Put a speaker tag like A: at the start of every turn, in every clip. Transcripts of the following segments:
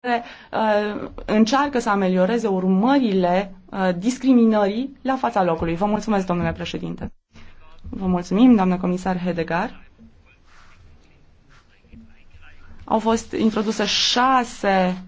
A: care uh, încearcă să amelioreze urmările uh, discriminării la fața locului. Vă mulțumesc, domnule președinte. Vă mulțumim, doamnă comisar Hedegar. Au fost introduse șase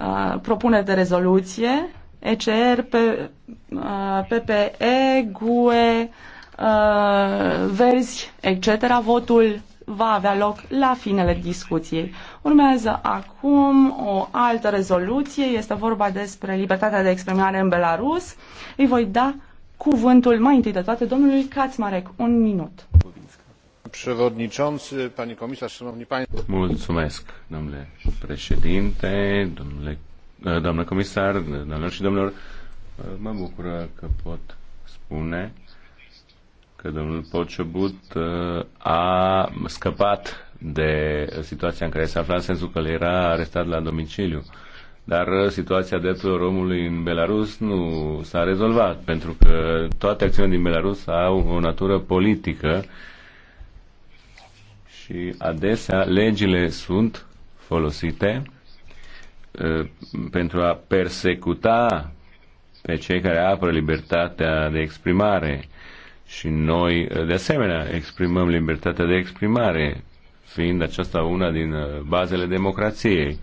A: uh, propuneri de rezoluție, ECR, er, P, uh, PPE, GUE, uh, Verzi, etc. Votul va avea loc la finele discuției. Urmează acum o altă rezoluție, este vorba despre libertatea de exprimare în Belarus. Îi voi da cuvântul mai întâi de toate domnului Kaczmarek. Un minut.
B: Mulțumesc, domnule președinte, domnule, doamnă comisar, doamnelor și domnilor. Mă bucură că pot spune că domnul Pociobut uh, a scăpat de situația în care se afla, în sensul că le era arestat la domiciliu. Dar uh, situația drepturilor omului în Belarus nu s-a rezolvat, pentru că toate acțiunile din Belarus au o natură politică și adesea legile sunt folosite uh, pentru a persecuta pe cei care apără libertatea de exprimare și noi, de asemenea, exprimăm libertatea de exprimare, fiind aceasta una din uh, bazele democrației.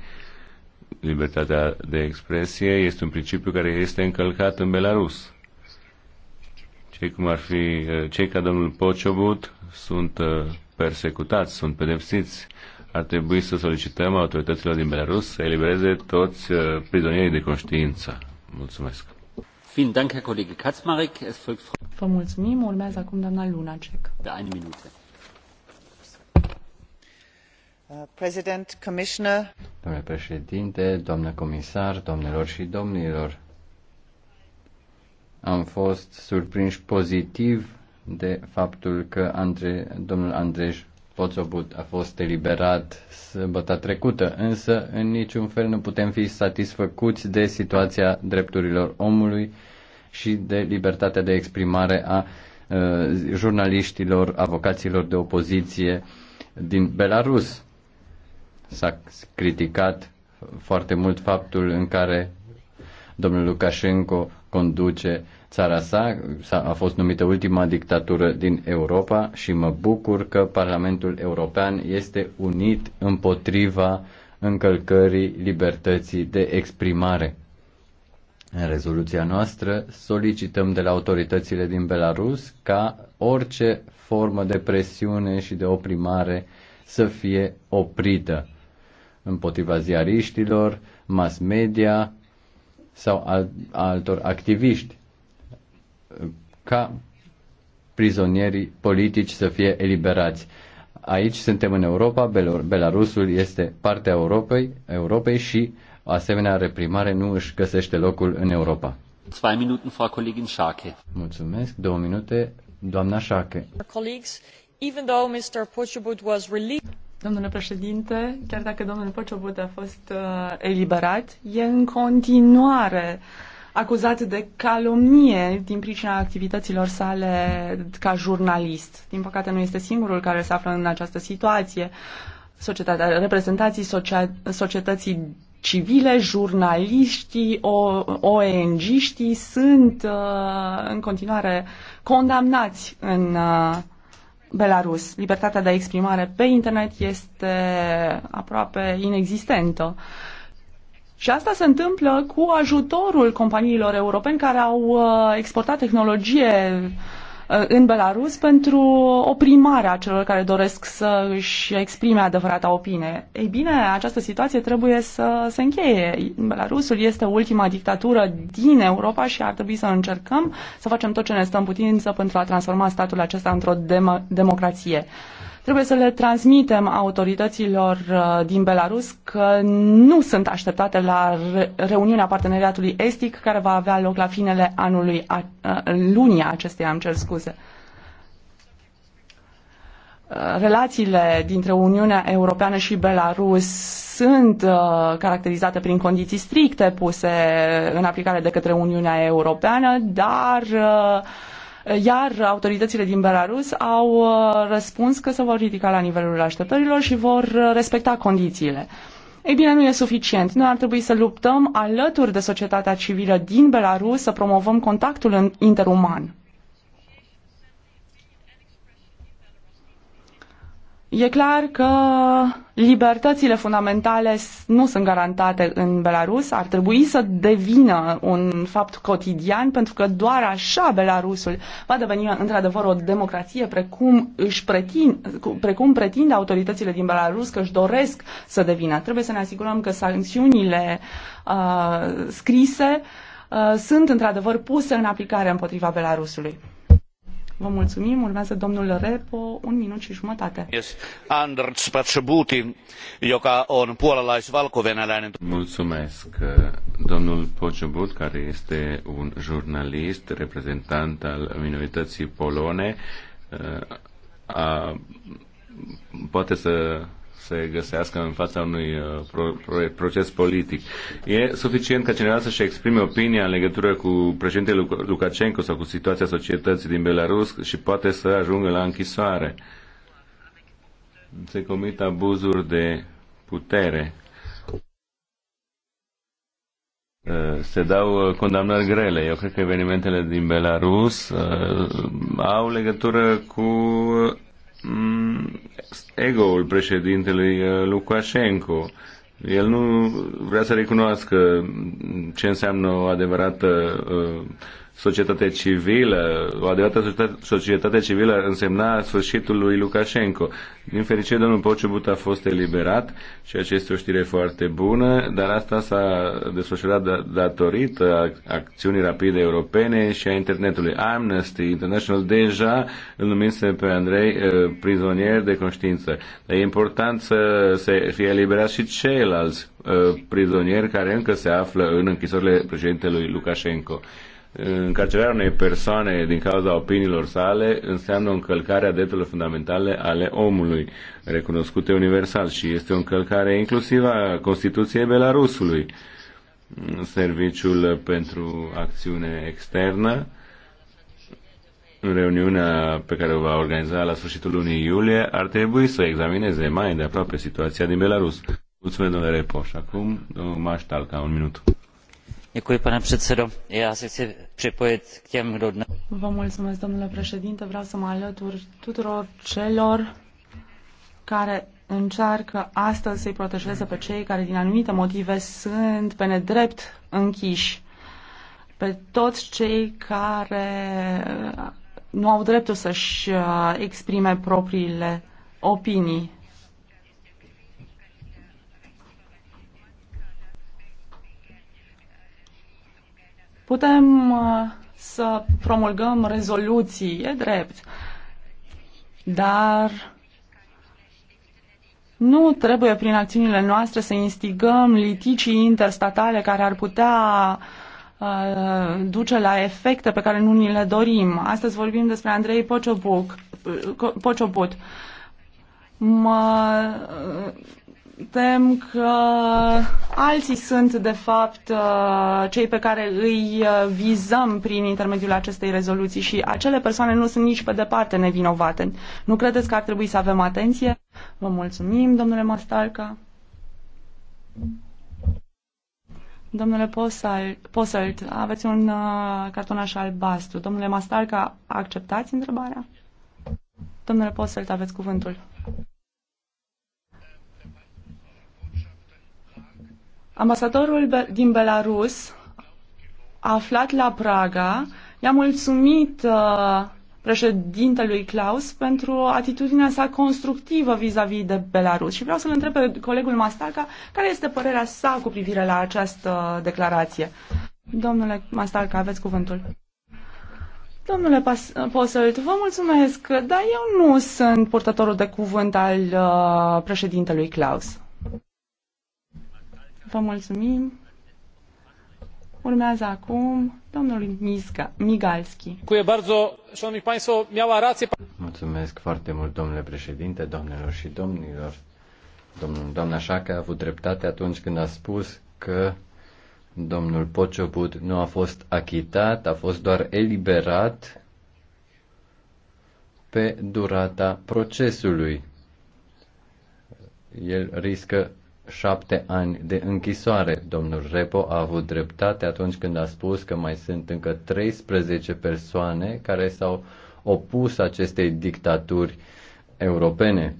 B: Libertatea de expresie este un principiu care este încălcat în Belarus. Cei cum ar fi, uh, cei ca domnul Pociobut sunt uh, persecutați, sunt pedepsiți. Ar trebui să solicităm autorităților din Belarus să elibereze toți prizonierii de conștiință. Mulțumesc.
A: Vă mulțumim. Urmează acum doamna Lunacek. Da, un minut. Uh, President,
C: Domnule președinte, doamnă comisar, domnilor și domnilor, am fost surprinși pozitiv de faptul că Andre, domnul Andrej Poțobut a fost eliberat sâmbătă trecută, însă în niciun fel nu putem fi satisfăcuți de situația drepturilor omului și de libertatea de exprimare a uh, jurnaliștilor, avocaților de opoziție din Belarus. S-a criticat foarte mult faptul în care domnul Lukashenko conduce țara sa, a fost numită ultima dictatură din Europa și mă bucur că Parlamentul European este unit împotriva încălcării libertății de exprimare. În rezoluția noastră solicităm de la autoritățile din Belarus ca orice formă de presiune și de oprimare să fie oprită împotriva ziariștilor, mass media sau al, altor activiști ca prizonierii politici să fie eliberați. Aici suntem în Europa, Belarusul este partea Europei, Europei și o asemenea reprimare nu își găsește locul în Europa. Minute, Frau Kollegin Schake. Mulțumesc. Două minute, doamna Schake.
A: Domnule președinte, chiar dacă domnul Pociobut a fost uh, eliberat, e în continuare acuzat de calomnie din pricina activităților sale ca jurnalist. Din păcate nu este singurul care se află în această situație. Societatea, reprezentații socia- societății civile, jurnaliștii, ONG-știi sunt uh, în continuare condamnați în uh, Belarus. Libertatea de exprimare pe internet este aproape inexistentă. Și asta se întâmplă cu ajutorul companiilor europene care au uh, exportat tehnologie uh, Uh, în Belarus pentru oprimarea celor care doresc să își exprime adevărata opinie. Ei bine, această situație trebuie să se încheie. Belarusul este ultima dictatură din Europa și ar trebui să încercăm să facem tot ce ne stă în putință pentru a transforma statul acesta într-o dem- democrație. Trebuie să le transmitem autorităților uh, din Belarus că nu sunt așteptate la reuniunea parteneriatului estic care va avea loc la finele anului, uh, lunii acesteia, am cer scuze uh, relațiile dintre Uniunea Europeană și Belarus sunt uh, caracterizate prin condiții stricte puse în aplicare de către Uniunea Europeană, dar uh, iar autoritățile din Belarus au uh, răspuns că se vor ridica la nivelul așteptărilor și vor uh, respecta condițiile. Ei bine, nu e suficient. Noi ar trebui să luptăm alături de societatea civilă din Belarus să promovăm contactul interuman. E clar că libertățile fundamentale nu sunt garantate în Belarus, ar trebui să devină un fapt cotidian, pentru că doar așa Belarusul va deveni într-adevăr o democrație, precum, își pretind, precum pretind autoritățile din Belarus că își doresc să devină. Trebuie să ne asigurăm că sancțiunile uh, scrise uh, sunt într-adevăr puse în aplicare împotriva Belarusului. Vă mulțumim. Urmează domnul Repo, un minut și jumătate.
B: Anders Pacebuti, joka on puolalais-valkovenäläinen. Mulțumesc. Domnul Pocebut, care este un jurnalist, reprezentant al minorității polone, a, poate să se găsească în fața unui uh, proces politic. E suficient ca cineva să-și exprime opinia în legătură cu președintele Lukashenko sau cu situația societății din Belarus și poate să ajungă la închisoare. Se comit abuzuri de putere. Uh, se dau uh, condamnări grele. Eu cred că evenimentele din Belarus au legătură cu Mm, egoul președintelui uh, Lukashenko. El nu vrea să recunoască ce înseamnă o adevărată uh, societate civilă, o adevărată societate civilă însemna sfârșitul lui Lukashenko. Din fericire, domnul Pociubut a fost eliberat, ceea ce este o știre foarte bună, dar asta s-a desfășurat da- datorită acțiunii rapide europene și a internetului. Amnesty International deja îl numise pe Andrei eh, prizonier de conștiință. Dar e important să se fie eliberat și ceilalți eh, prizonieri care încă se află în închisorile președintelui Lukashenko. Încarcerarea unei persoane din cauza opiniilor sale înseamnă o încălcare a drepturilor fundamentale ale omului, recunoscute universal și este o încălcare inclusiv a Constituției Belarusului. Serviciul pentru acțiune externă în reuniunea pe care o va organiza la sfârșitul lunii iulie, ar trebui să examineze mai îndeaproape situația din Belarus. Mulțumesc, domnule Repoș. Acum, domnul Maștal, ca un minut pane předsedající já se chci připojit k těm
A: kdo dnes. domnule președinte vreau să mă alătur tuturor celor care încearcă astăzi să îi protejeze pe cei care din anumite motive sunt pe nedrept închiși pe toți cei care uh, nu au dreptul să-și uh, exprime propriile opinii. Putem uh, să promulgăm rezoluții, e drept, dar nu trebuie prin acțiunile noastre să instigăm litigii interstatale care ar putea uh, duce la efecte pe care nu ni le dorim. Astăzi vorbim despre Andrei Pociobuc, Pociobut. Mă, tem că alții sunt, de fapt, uh, cei pe care îi uh, vizăm prin intermediul acestei rezoluții și acele persoane nu sunt nici pe departe nevinovate. Nu credeți că ar trebui să avem atenție? Vă mulțumim, domnule Mastalca. Domnule Posselt, aveți un uh, cartonaș albastru. Domnule Mastalca, acceptați întrebarea? Domnule Posselt, aveți cuvântul. Ambasadorul din Belarus, aflat la Praga, i-a mulțumit uh, președintelui Klaus pentru atitudinea sa constructivă vis-a-vis de Belarus. Și vreau să-l întreb pe colegul Mastaca care este părerea sa cu privire la această declarație. Domnule Mastalca, aveți cuvântul. Domnule Pas- Posălt, vă mulțumesc, dar eu nu sunt purtătorul de cuvânt al uh, președintelui Klaus. Vă mulțumim. Urmează acum domnul Miska, Migalski.
C: Mulțumesc foarte mult, domnule președinte, domnilor și domnilor. Domnul, doamna Șacă a avut dreptate atunci când a spus că domnul Pociobut nu a fost achitat, a fost doar eliberat pe durata procesului. El riscă șapte ani de închisoare. Domnul Repo a avut dreptate atunci când a spus că mai sunt încă 13 persoane care s-au opus acestei dictaturi europene.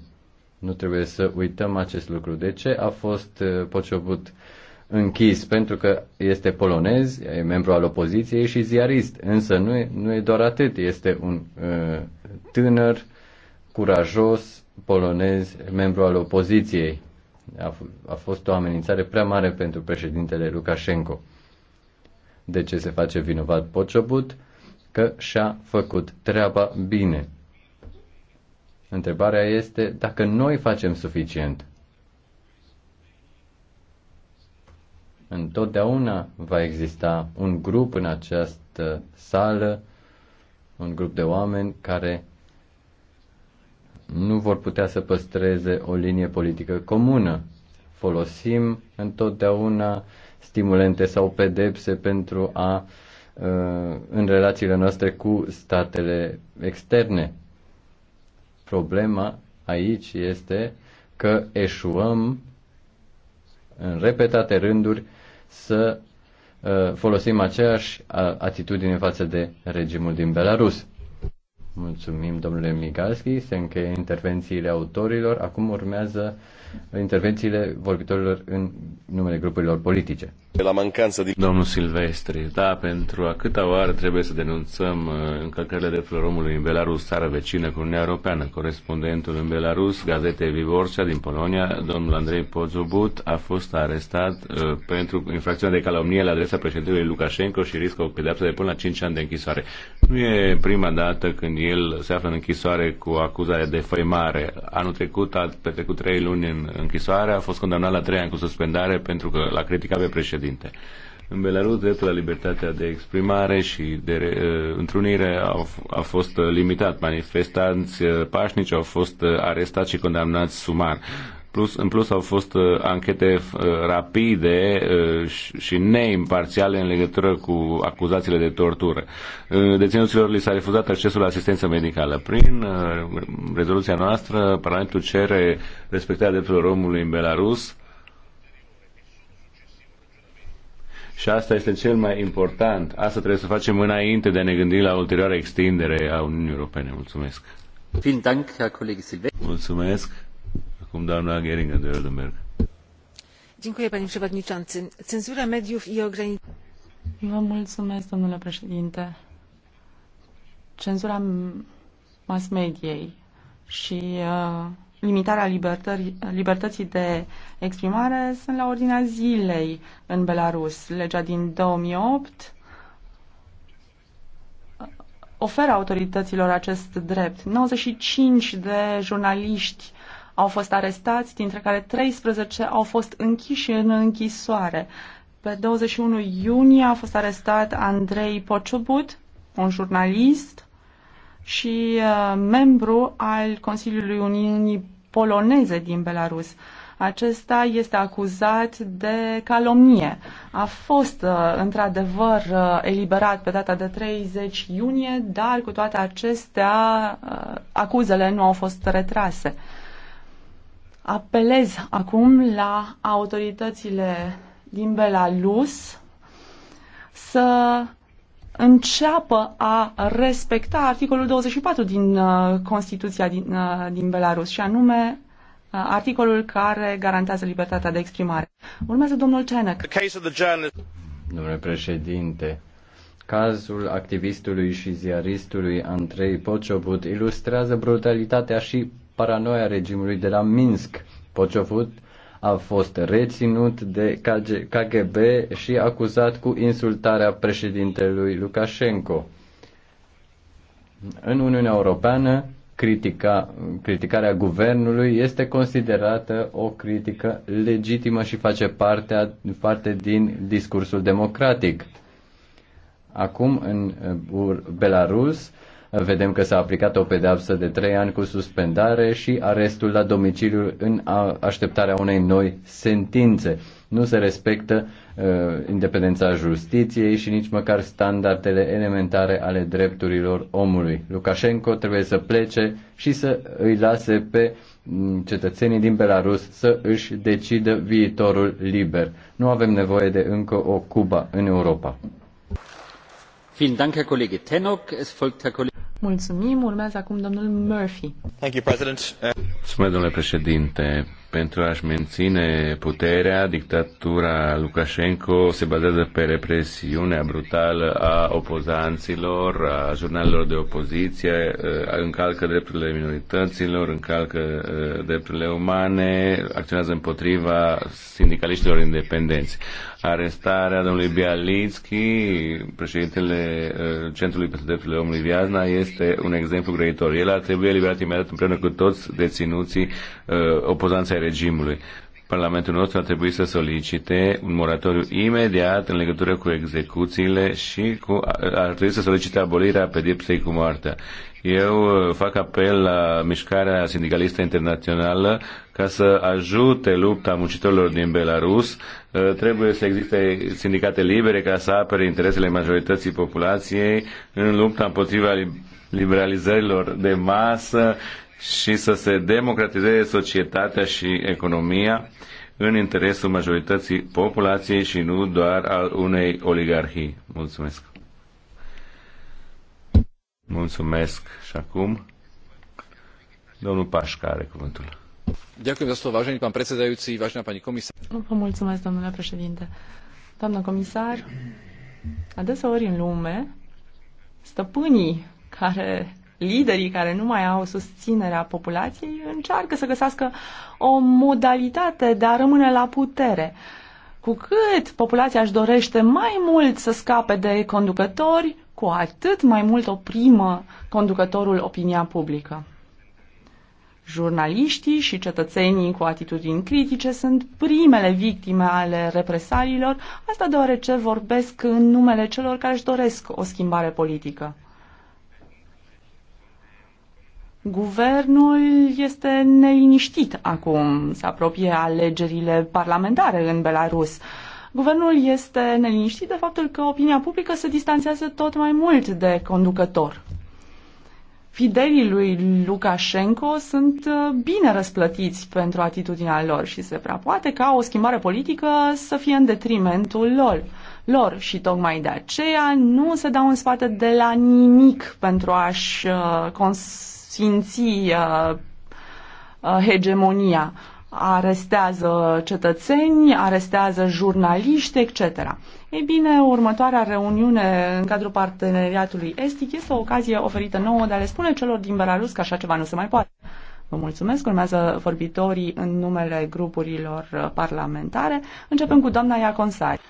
C: Nu trebuie să uităm acest lucru. De ce a fost uh, pociobut închis? Pentru că este polonez, e membru al opoziției și ziarist. Însă nu e, nu e doar atât. Este un uh, tânăr, curajos, polonez, membru al opoziției a, a fost o amenințare prea mare pentru președintele Lukashenko. De ce se face vinovat Pociobut? Că și-a făcut treaba bine. Întrebarea este dacă noi facem suficient. Întotdeauna va exista un grup în această sală, un grup de oameni care nu vor putea să păstreze o linie politică comună. Folosim întotdeauna stimulente sau pedepse pentru a uh, în relațiile noastre cu statele externe. Problema aici este că eșuăm în repetate rânduri să uh, folosim aceeași uh, atitudine față de regimul din Belarus. Mulțumim, domnule Migalski. Se încheie intervențiile autorilor. Acum urmează intervențiile vorbitorilor în numele grupurilor
B: politice. La mancanță Domnul Silvestri, da, pentru a câta oară trebuie să denunțăm uh, încălcările drepturilor omului în Belarus, țară vecină cu Uniunea Europeană. Corespondentul în Belarus, gazete Vivorcea din Polonia, domnul Andrei Pozubut, a fost arestat uh, pentru infracțiunea de calomnie la adresa președintelui Lukashenko și riscă o pedeapsă de până la 5 ani de închisoare. Nu e prima dată când el se află în închisoare cu acuzarea de făimare. Anul trecut a petrecut 3 luni în închisoare, a fost condamnat la 3 ani cu suspendare pentru că l-a criticat pe președinte președinte. În Belarus, dreptul la libertatea de exprimare și de uh, întrunire au, a fost uh, limitat. Manifestanți uh, pașnici au fost uh, arestați și condamnați sumar. Plus, în plus au fost uh, anchete uh, rapide uh, și, neimparțiale în legătură cu acuzațiile de tortură. Uh, deținuților li s-a refuzat accesul la asistență medicală. Prin uh, rezoluția noastră, Parlamentul cere respectarea drepturilor omului în Belarus Și asta este cel mai important. Asta trebuie să facem înainte de a ne gândi la ulterioară extindere a Uniunii Europene. Mulțumesc. Mulțumesc. Acum doamna Geringer de Oldenberg.
A: Dziękuję, panie przewodniczący. Cenzura mediów i ograniczenia... Vă mulțumesc, domnule președinte. Cenzura mass mediei și uh, limitarea libertății de exprimare sunt la ordinea zilei în Belarus. Legea din 2008 uh, oferă autorităților acest drept. 95 de jurnaliști au fost arestați, dintre care 13 au fost închiși în închisoare. Pe 21 iunie a fost arestat Andrei Pociubut, un jurnalist și uh, membru al Consiliului Uniunii poloneze din Belarus. Acesta este acuzat de calomnie. A fost, uh, într-adevăr, uh, eliberat pe data de 30 iunie, dar cu toate acestea, uh, acuzele nu au fost retrase. Apelez acum la autoritățile din Belarus să înceapă a respecta articolul 24 din uh, Constituția din, uh, din Belarus și anume uh, articolul care garantează libertatea de exprimare. Urmează domnul Cenec.
C: Domnule președinte, cazul activistului și ziaristului Andrei Pociobut ilustrează brutalitatea și paranoia regimului de la Minsk. Pociobut a fost reținut de KGB și acuzat cu insultarea președintelui Lukashenko. În Uniunea Europeană, critica, criticarea guvernului este considerată o critică legitimă și face parte, parte din discursul democratic. Acum, în uh, Belarus, vedem că s-a aplicat o pedeapsă de 3 ani cu suspendare și arestul la domiciliu în așteptarea unei noi sentințe. Nu se respectă uh, independența justiției și nici măcar standardele elementare ale drepturilor omului. Lukashenko trebuie să plece și să îi lase pe mm, cetățenii din Belarus să își decidă viitorul liber. Nu avem nevoie de încă o Cuba în Europa. Vielen Dank, Herr Kollege Tenok. Es folgt Herr Kollege
A: Mulțumim. Urmează acum domnul Murphy.
C: Thank you, President.
B: Mulțumesc, domnule președinte. Pentru a-și menține puterea, dictatura Lukashenko se bazează pe represiunea brutală a opozanților, a jurnalelor de opoziție, eh, încalcă drepturile minorităților, încalcă eh, drepturile umane, acționează împotriva sindicaliștilor independenți arestarea domnului Bialitski, președintele uh, Centrului pentru Drepturile Omului Viazna, este un exemplu grăitor. El ar trebui eliberat imediat împreună cu toți deținuții uh, opozanții ai regimului. Parlamentul nostru ar trebui să solicite un moratoriu imediat în legătură cu execuțiile și cu, ar trebui să solicite abolirea pedepsei cu moartea. Eu uh, fac apel la mișcarea sindicalistă internațională ca să ajute lupta muncitorilor din Belarus. Uh, trebuie să existe sindicate libere ca să apere interesele majorității populației în lupta împotriva liberalizărilor de masă și să se democratizeze societatea și economia în interesul majorității populației și nu doar al unei oligarhii. Mulțumesc! Mulțumesc și acum domnul Pașca are cuvântul. Ďakujem za slovo, vážený pán predsedajúci,
C: vážená pani komisár.
A: Vă mulțumesc, domnule președinte. Doamnă comisar, adeseori în lume, stăpânii care liderii care nu mai au susținerea populației încearcă să găsească o modalitate de a rămâne la putere. Cu cât populația își dorește mai mult să scape de conducători, cu atât mai mult oprimă conducătorul opinia publică. Jurnaliștii și cetățenii cu atitudini critice sunt primele victime ale represaliilor, asta deoarece vorbesc în numele celor care își doresc o schimbare politică. Guvernul este neliniștit acum, se apropie alegerile parlamentare în Belarus. Guvernul este neliniștit de faptul că opinia publică se distanțează tot mai mult de conducător. Fidelii lui Lukashenko sunt uh, bine răsplătiți pentru atitudinea lor și se prea poate ca o schimbare politică să fie în detrimentul lor lor și tocmai de aceea nu se dau în spate de la nimic pentru a-și uh, cons- sfinți uh, uh, hegemonia. Arestează cetățeni, arestează jurnaliști, etc. Ei bine, următoarea reuniune în cadrul parteneriatului estic este o ocazie oferită nouă de a le spune celor din Belarus că așa ceva nu se mai poate. Vă mulțumesc. Urmează vorbitorii în numele grupurilor parlamentare. Începem cu doamna Iaconsari.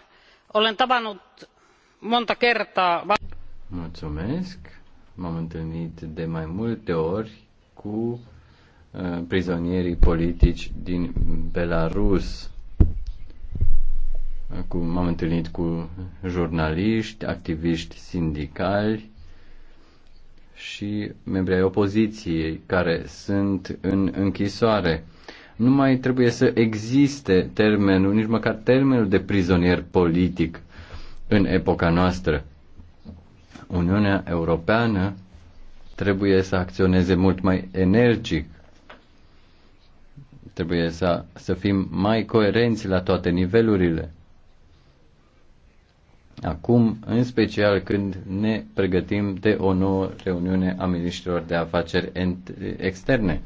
C: Mulțumesc. M-am întâlnit de mai multe ori cu uh, prizonierii politici din Belarus. Acum m-am întâlnit cu jurnaliști, activiști sindicali și membri ai opoziției care sunt în închisoare. Nu mai trebuie să existe termenul, nici măcar termenul de prizonier politic în epoca noastră. Uniunea Europeană trebuie să acționeze mult mai energic, trebuie să, să fim mai coerenți la toate nivelurile. Acum, în special când ne pregătim de o nouă reuniune a ministrilor de afaceri externe,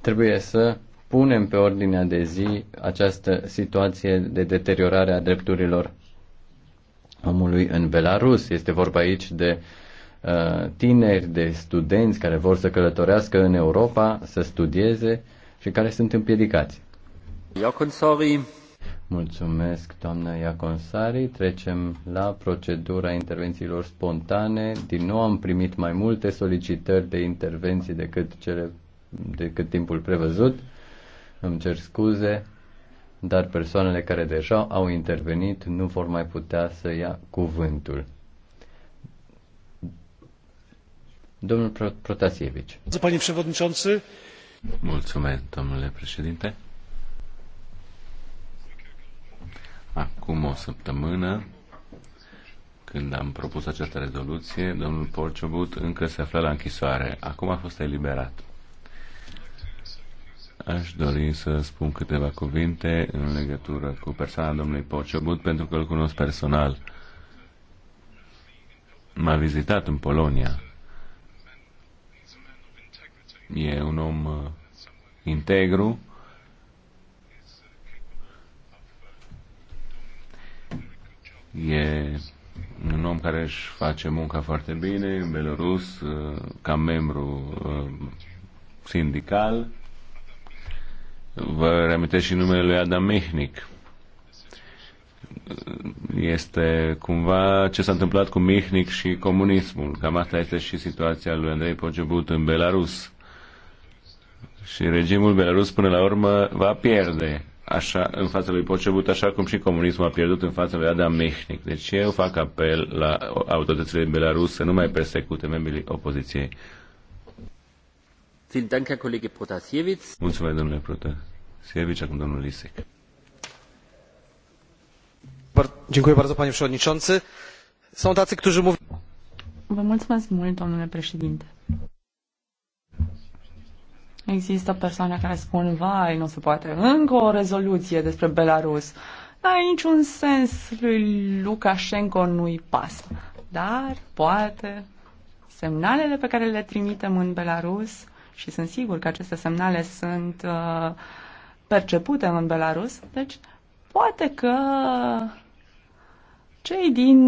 C: trebuie să punem pe ordinea de zi această situație de deteriorare a drepturilor omului în Belarus. Este vorba aici de uh, tineri, de studenți care vor să călătorească în Europa, să studieze și care sunt împiedicați. Iaconsari. Mulțumesc, doamna Iaconsari. Trecem la procedura intervențiilor spontane. Din nou am primit mai multe solicitări de intervenții decât, cele, decât timpul prevăzut. Îmi cer scuze dar persoanele care deja au intervenit nu vor mai putea să ia cuvântul. Domnul Protasievici. Mulțumesc,
B: domnule președinte. Acum o săptămână, când am propus această rezoluție, domnul Porciobut încă se afla la închisoare. Acum a fost eliberat. Aș dori să spun câteva cuvinte în legătură cu persoana domnului Pociobut, pentru că îl cunosc personal. M-a vizitat în Polonia. E un om uh, integru, e un om care își face munca foarte bine în Belarus, uh, ca membru uh, sindical Vă reamintesc și numele lui Adam Mihnic. Este cumva ce s-a întâmplat cu Mihnic și comunismul. Cam asta este și situația lui Andrei Pocebut în Belarus. Și regimul Belarus până la urmă va pierde așa, în fața lui Pocebut, așa cum și comunismul a pierdut în fața lui Adam Mihnic. Deci eu fac apel la autoritățile din Belarus să nu mai persecute membrii opoziției.
C: Mulțumesc,
B: domnule domnul
C: panie przewodniczący. Są tacy, którzy mówią...
A: Vă mulțumesc mult, domnule Există persoane care spun, vai, nu se poate, încă o rezoluție despre Belarus. Dar niciun sens lui Lukashenko nu-i pasă. Dar, poate, semnalele pe care le trimitem în Belarus și sunt sigur că aceste semnale sunt uh, percepute în Belarus, deci poate că cei din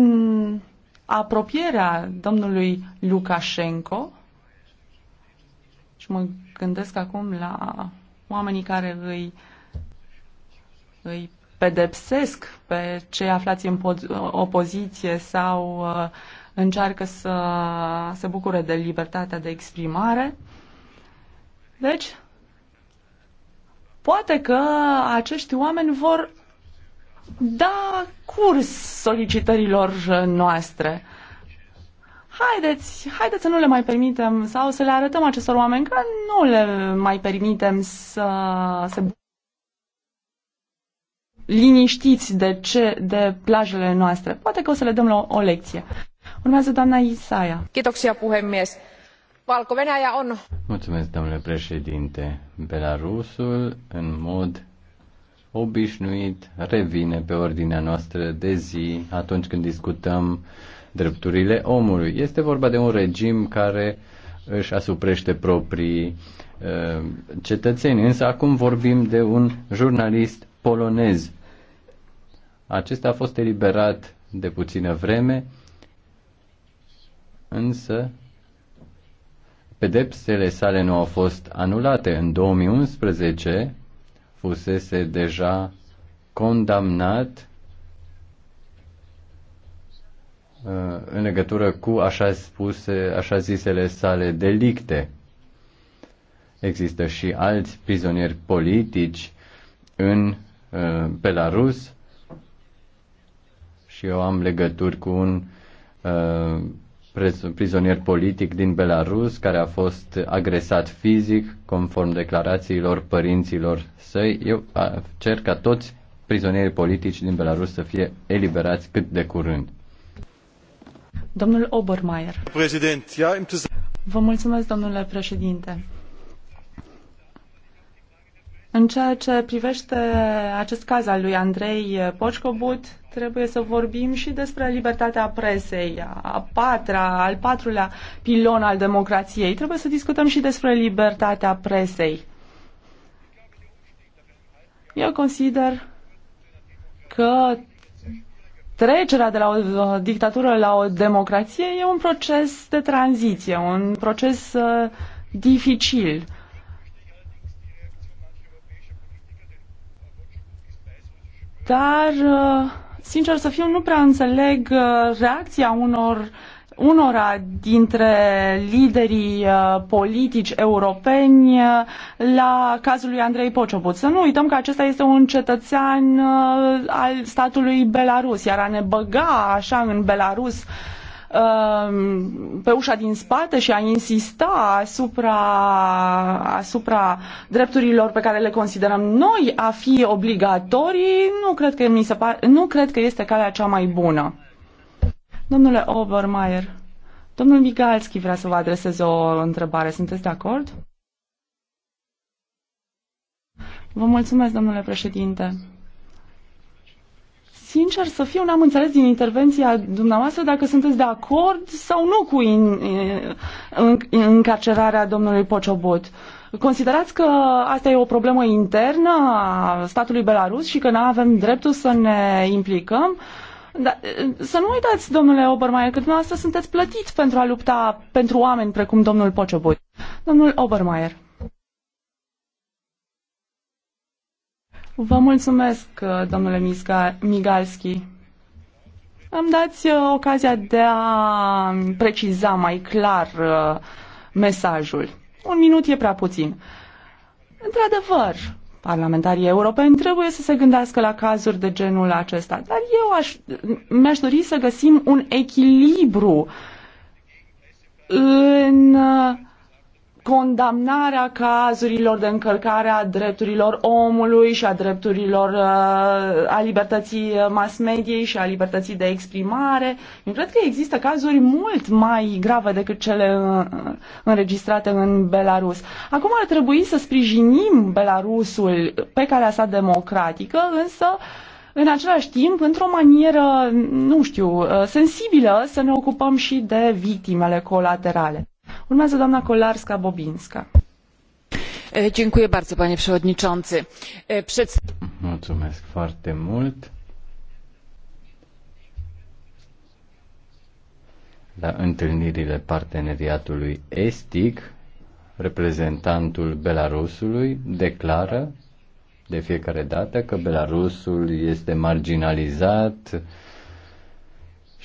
A: apropierea domnului Lukashenko, și mă gândesc acum la oamenii care îi, îi pedepsesc pe cei aflați în opoziție sau uh, încearcă să se bucure de libertatea de exprimare, uh, deci, poate că acești oameni vor da curs solicitărilor noastre. Haideți, haideți să nu le mai permitem sau să le arătăm acestor oameni că nu le mai permitem să se liniștiți de ce, de plajele noastre. Poate că o să le dăm la o, o lecție. Urmează doamna Isaia. Kiitoksia puhemies valko -Venäjä on...
C: Mulțumesc, domnule președinte. Belarusul, în mod obișnuit, revine pe ordinea noastră de zi atunci când discutăm drepturile omului. Este vorba de un regim care își asuprește proprii uh, cetățeni. Însă acum vorbim de un jurnalist polonez. Acesta a fost eliberat de puțină vreme, însă pedepsele sale nu au fost anulate. În 2011 fusese deja condamnat uh, în legătură cu așa spuse, așa zisele sale delicte. Există și alți prizonieri politici în uh, Belarus și eu am legături cu un uh, prizonier politic din Belarus care a fost agresat fizic conform declarațiilor părinților săi. Eu cer ca toți prizonierii politici din Belarus să fie eliberați cât de curând.
A: Domnul Obermeier. Vă mulțumesc, domnule președinte în ceea ce privește acest caz al lui Andrei Poșcobut, trebuie să vorbim și despre libertatea presei, a patra, al patrulea pilon al democrației. Trebuie să discutăm și despre libertatea presei. Eu consider că trecerea de la o dictatură la o democrație e un proces de tranziție, un proces uh, dificil. Uh, Dar, uh, sincer să fiu, nu prea înțeleg uh, reacția unor unora dintre liderii uh, politici europeni la cazul lui Andrei Pociobut. Să nu uităm că acesta este un cetățean al statului Belarus, iar a ne băga așa în Belarus uh, Um, pe ușa din spate și a insista asupra, asupra drepturilor pe care le considerăm noi a fi obligatorii, nu cred că, mi se par, nu cred că este calea cea mai bună. Domnule Obermeier, domnul Migalski vrea să vă adreseze o întrebare. Sunteți de acord? Vă mulțumesc, domnule președinte. Sincer să fiu, n-am înțeles din intervenția dumneavoastră dacă sunteți de acord sau nu cu in, in, încarcerarea domnului Pociobot. Considerați că asta e o problemă internă a statului Belarus și că nu avem dreptul să ne implicăm? Da, să nu uitați, domnule Obermeier, că dumneavoastră sunteți plătiți pentru a lupta pentru oameni precum domnul Pociobot. Domnul Obermeier. Vă mulțumesc, domnule Migalski. Îmi dați uh, ocazia de a preciza mai clar uh, mesajul. Un minut e prea puțin. Într-adevăr, parlamentarii europeni trebuie să se gândească la cazuri de genul acesta, dar eu aș, mi-aș dori să găsim un echilibru în uh, condamnarea cazurilor de încălcare a drepturilor omului și a drepturilor uh, a libertății uh, mass mediei și a libertății de exprimare. Eu cred că există cazuri mult mai grave decât cele uh, înregistrate în Belarus. Acum ar trebui să sprijinim Belarusul pe calea sa democratică, însă în același timp, într-o manieră, nu știu, sensibilă, să ne ocupăm și de victimele colaterale. Urmează doamna Kolarska-Bobinska. Dziękuję bardzo, panie przewodniczący.
C: Mulțumesc foarte mult. La întâlnirile parteneriatului estic, reprezentantul Belarusului declară de fiecare dată că Belarusul este marginalizat,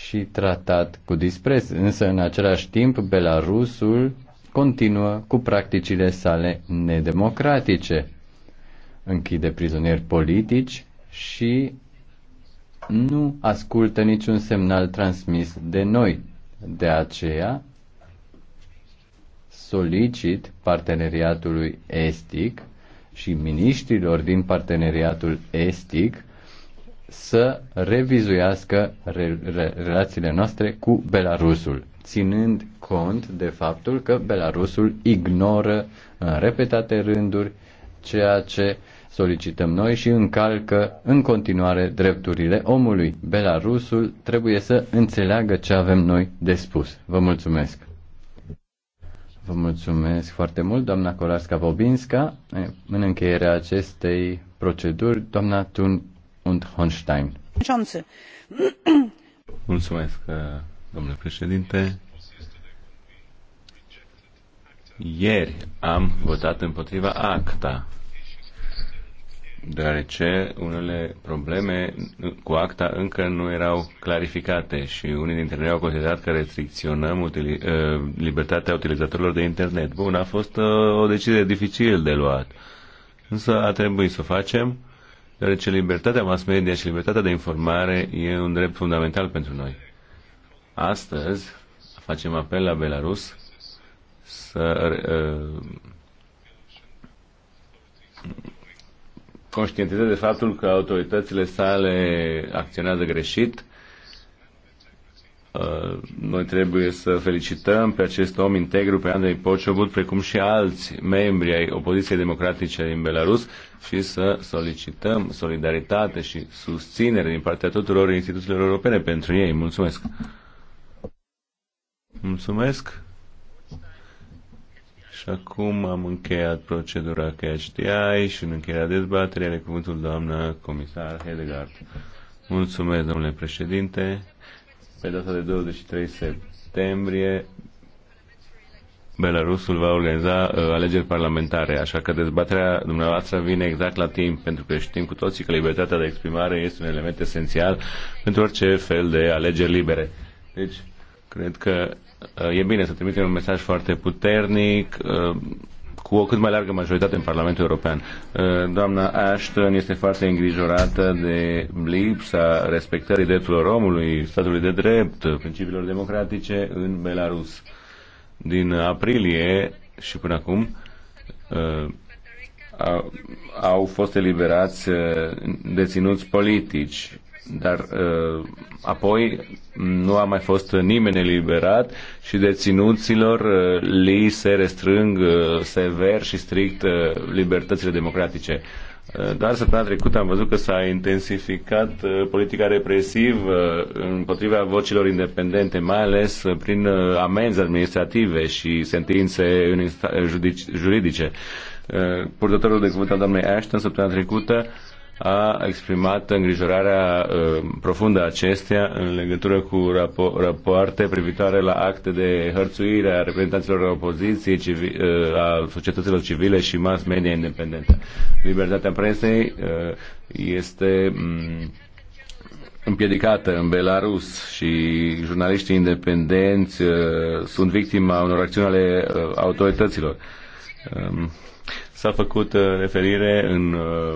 C: și tratat cu dispreț, însă în același timp Belarusul continuă cu practicile sale nedemocratice. Închide prizonieri politici și nu ascultă niciun semnal transmis de noi. De aceea solicit parteneriatului estic și miniștrilor din parteneriatul estic să revizuiască re- re- relațiile noastre cu Belarusul, ținând cont de faptul că Belarusul ignoră în repetate rânduri ceea ce solicităm noi și încalcă în continuare drepturile omului. Belarusul trebuie să înțeleagă ce avem noi de spus. Vă mulțumesc! Vă mulțumesc foarte mult, doamna Kolarska-Bobinska. În încheierea acestei proceduri, doamna Tun und Honstein.
B: Mulțumesc, uh, domnule președinte. Ieri am votat împotriva ACTA, deoarece unele probleme cu ACTA încă nu erau clarificate și unii dintre noi au considerat că restricționăm utili- uh, libertatea utilizatorilor de internet. Bun, a fost uh, o decizie dificil de luat, însă a trebuit să o facem deoarece libertatea mass media și libertatea de informare e un drept fundamental pentru noi. Astăzi facem apel la Belarus să uh, conștientizeze faptul că autoritățile sale acționează greșit Uh, noi trebuie să felicităm pe acest om integru, pe Andrei Pociobut, precum și alți membri ai opoziției democratice din Belarus și să solicităm solidaritate și susținere din partea tuturor instituțiilor europene pentru ei. Mulțumesc! Mulțumesc! Și acum am încheiat procedura CHDI și în încheierea dezbaterii are cuvântul doamna comisar Hedegaard. Mulțumesc, domnule președinte! Pe data de 23 septembrie, Belarusul va organiza uh, alegeri parlamentare, așa că dezbaterea dumneavoastră vine exact la timp, pentru că știm cu toții că libertatea de exprimare este un element esențial pentru orice fel de alegeri libere. Deci, cred că uh, e bine să trimitem un mesaj foarte puternic. Uh, cu o cât mai largă majoritate în Parlamentul European. Uh, doamna Ashton este foarte îngrijorată de lipsa respectării drepturilor omului, statului de drept, principiilor democratice în Belarus. Din aprilie și până acum uh, au fost eliberați uh, deținuți politici, dar uh, apoi nu a mai fost nimeni eliberat și deținuților uh, li se restrâng uh, sever și strict libertățile democratice. Dar săptămâna trecută am văzut că s-a intensificat politica represivă împotriva vocilor independente, mai ales prin amenzi administrative și sentințe juridice. Purtătorul de cuvânt al doamnei Ashton săptămâna trecută a exprimat îngrijorarea uh, profundă a acestea în legătură cu rapo- rapoarte privitoare la acte de hărțuire a reprezentanților opoziției, civi- uh, a societăților civile și mass media independentă. Libertatea presei uh, este um, împiedicată în Belarus și jurnaliștii independenți uh, sunt victima unor acțiuni ale uh, autorităților. Um, S-a făcut uh, referire în uh,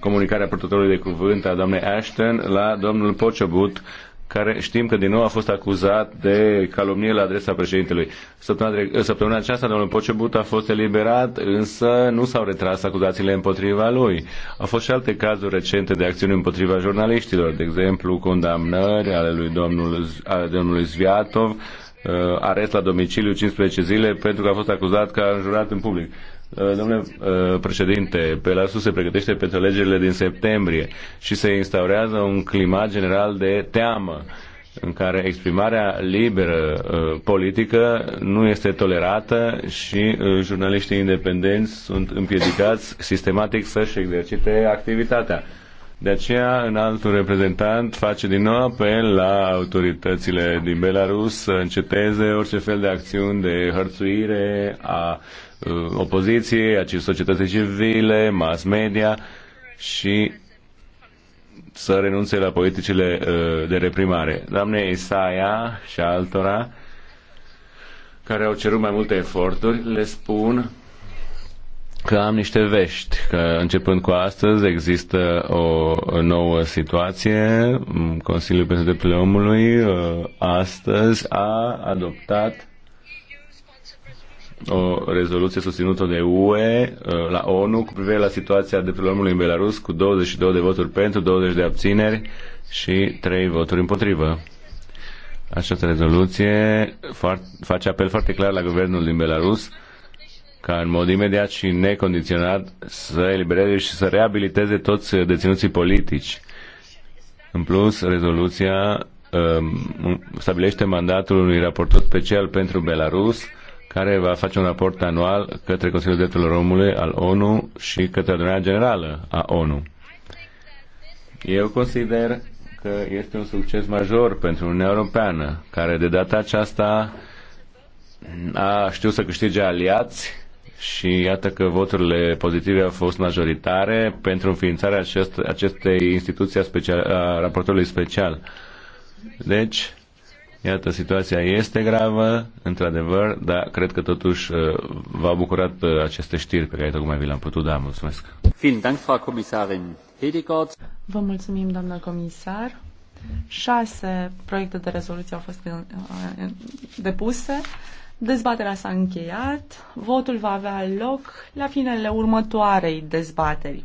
B: comunicarea purtătorului de cuvânt a doamnei Ashton la domnul Pociobut, care știm că din nou a fost acuzat de calomnie la adresa președintelui. Săptămâna, săptămâna aceasta domnul Pociobut a fost eliberat, însă nu s-au retras acuzațiile împotriva lui. Au fost și alte cazuri recente de acțiuni împotriva jurnaliștilor, de exemplu condamnări ale lui domnul, ale domnului Zviatov, uh, arest la domiciliu 15 zile pentru că a fost acuzat că a înjurat în public. Uh, domnule uh, președinte, Pelasu se pregătește pentru alegerile din septembrie și se instaurează un climat general de teamă în care exprimarea liberă uh, politică nu este tolerată și jurnaliștii independenți sunt împiedicați sistematic să-și exercite activitatea. De aceea, în altul reprezentant face din nou apel la autoritățile din Belarus să înceteze orice fel de acțiuni de hărțuire a uh, opoziției, a societății civile, mass media și să renunțe la politicile uh, de reprimare. Doamne Isaia și altora care au cerut mai multe eforturi, le spun că am niște vești, că începând cu astăzi există o nouă situație. Consiliul pentru Drepturile Omului uh, astăzi a adoptat o rezoluție susținută de UE uh, la ONU cu privire la situația drepturilor omului în Belarus cu 22 de voturi pentru, 20 de abțineri și 3 voturi împotrivă. Această rezoluție face apel foarte clar la guvernul din Belarus ca în mod imediat și necondiționat să elibereze și să reabiliteze toți deținuții politici. În plus, rezoluția um, stabilește mandatul unui raportor special pentru Belarus, care va face un raport anual către Consiliul Drepturilor Omului al ONU și către Adunarea Generală a ONU. Eu consider că este un succes major pentru Uniunea Europeană, care de data aceasta a știut să câștige aliați și iată că voturile pozitive au fost majoritare pentru înființarea acest, acestei instituții a, special, a raportorului special. Deci, Iată, situația este gravă, într-adevăr, dar cred că totuși uh, v au bucurat uh, aceste știri pe care tocmai vi le-am putut da. Mulțumesc!
A: Vă mulțumim, doamnă comisar. Șase proiecte de rezoluție au fost uh, depuse. Dezbaterea s-a încheiat. Votul va avea loc la finele următoarei dezbateri.